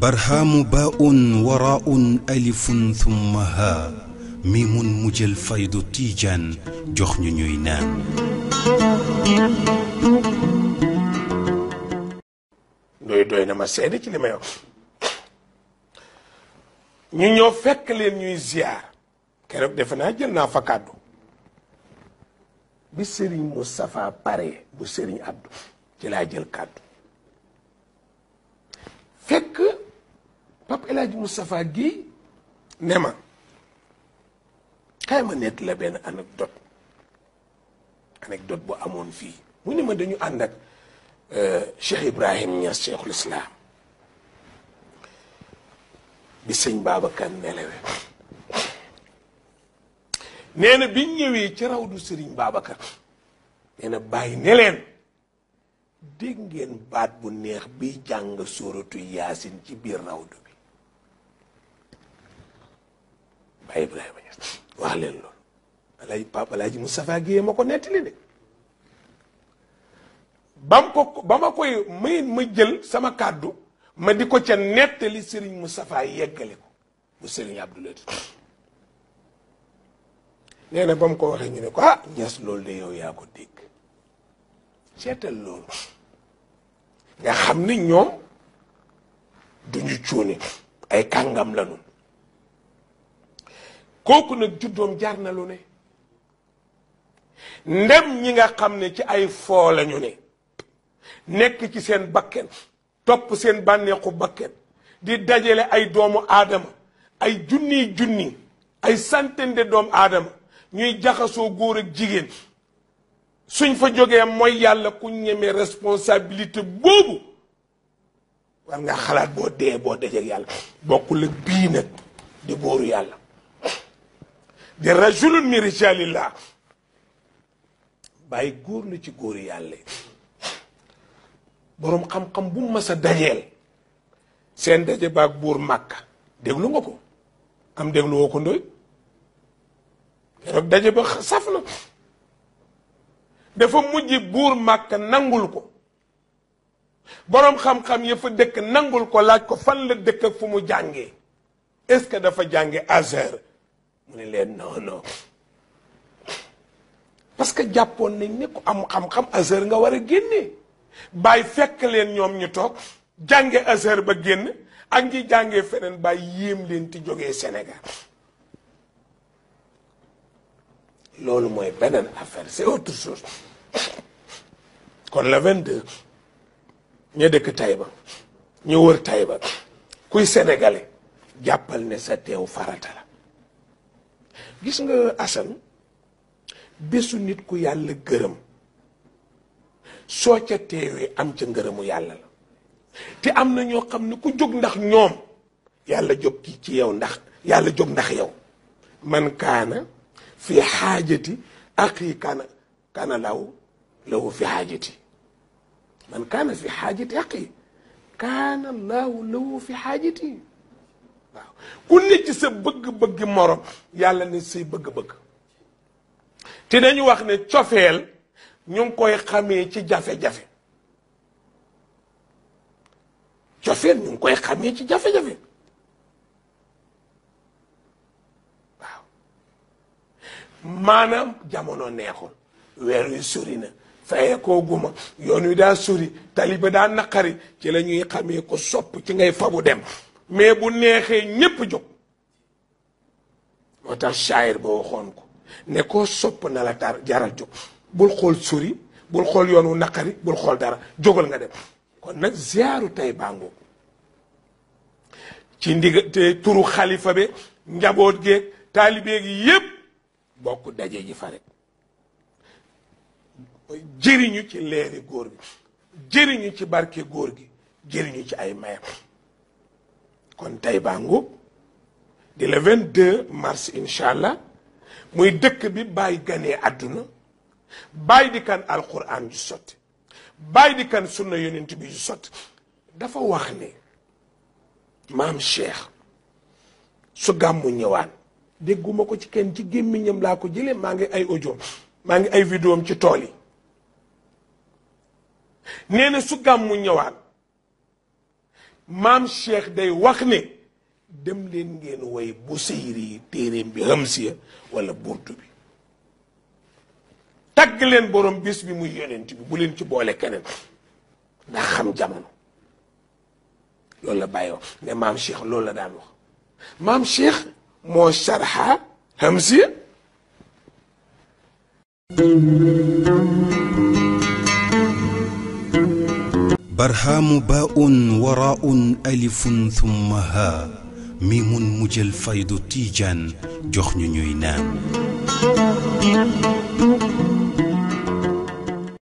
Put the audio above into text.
barhaamu baa'un waraa'un alifun thumma haa miimun mu jël faydu tiijaan jox ñu ñuy naan. doy doy na ma seede ci li may wax ñu ñëw fekk leen ñuy ziar keroog defe naa jël naa fa kàddu bi sëriñ Moustapha pare bu sëriñ Abdou ci laa jël kàddu fekk Pape El Hadj gi ne ma kaay ma nett la benn anecdote anecdote bu amoon fii mu ne ma dañu ànd ak euh, Cheikh Ibrahim Niass Cheikhul Islam bi sëñ Babacar nelewe nee na biñ ñëwee ci rawdu sëriñ Babacar nee na bàyyi ne leen dégg ngeen baat bu neex bi jàng sóoratu yaasin ci biir rawdu bi bàyyi Ibrahima Niass wax leen loolu alay Papa Alaaji Moustapha Guèye ma ko nettali de bam ko ba koy may ma jël sama kàddu ma di ko ca nettali sëriñ Moustapha yeggale ko bu sëriñ Abdoulaye nee na ba mu ko waxee ñu ne ko ah ñes loolu de yow yaa ko dégg seetal loolu nga xam ni ñoom duñu cuune ay kàngam lañu kooku nag juddoom jaar na lu ne ndem ñi nga xam ne ci ay foo lañu ne nekk ci seen bakken topp seen bànneexu bakken di dajale ay doomu aadama ay junniy junni ay centaine de doomu aadama ñuy jaxasoo góor ak jigéen suñ fa jógee mooy yàlla ku ñemee responsabilité boobu war nga xalaat boo dee boo dajeeg yàlla bokkul ak bii nag di góoru yàlla di rajulun min rijalillah bàyyi góor la ci góor yàlla yi boroom xam-xam bu mas a dajeel seen daje buur màkka déglu nga ko am déglu woo ko ndoy daje ba saf dafa mujj buur màkk nangul ko boroom xam-xam ya fa dëkk nangul ko laaj ko fan la dëkk fu mu jàngee est-ce que dafa jànge Azhar mu ne leen non parce que jàppoon nañ ne ku am xam-xam Azhar nga war a génnee bàyyi fekk leen ñoom ñu toog jànge Azhar ba génn ak ñi jàngee feneen bàyyi yéem leen ti jógee Sénégal loolu mooy beneen affaire c'est autre chose kon le 22 ña dëkk Taïba ñu wër Taïba kuy sénégalais jàppal ne sa teew farata la gis nga Assane bésu nit ku yàlla gërëm soo ca teewee am ca ngërëmu yàlla la te am na ñoo xam ne ku jóg ndax ñoom yàlla jóg ci yow ndax yàlla jóg ndax yow man kaana fi xaajati aqi kaana kaana law fi xaajati man kaan fi xaajati aqi kaana laahu lahu fi xaajati ku ne ci bëgg-bëgg morom yàlla ne say bëgg-bëgg te dañu wax ne cofeel ñu koy xamee ci jafe-jafe cofeel ñu koy xamee ci jafe-jafe maanaam jamono neexul weer wi sori na fayee koo guma yoon wi daa sori taliba daa naqari ci la ñuy xamee ko sopp ci ngay fabu dem mais bu neexee ñépp jog moo tax shaayir ba waxoon ko ne ko sopp na la tar jaral bul xool sori bul xool yoon wu naqari bul xool dara jógal nga dem kon nag ziyaaru tay bàngo ci ndiga turu xalifa be njaboot gee taalibe gi yépp bokk daje ji fa rek jëriñu ci leeri góor gi jëriñu ci barke góor gi jëriñu ci ay mayam kon tey bangu di le 22 mars incha allah muy dëkk bi bàyyi ganee àdduna bàyyi di kan alquran ju sotti bàyyi di kan sunna yonent bi ju sotti dafa wax ne maam cheikh su gàmmu ñëwaan dégguma ko ci kenn ci gémmiñam laa ko jëlee maa ngi ay audio maa ngi ay vidéo ci tool yi nee na su gàmmu ñëwaat maam Cheikh day wax ne dem leen ngeen woy Busayri yi téeréem bi Hamsiya wala burdu bi tagg leen borom bis bi muy yonent bi bu leen ci boole keneen ndax xam jamono loolu la bàyyi wax ne maam Cheikh loolu la daan wax maam Cheikh مشرحة همزية برهام باء وراء ألف ثم هاء ميم مجل فيض تيجان جخن نام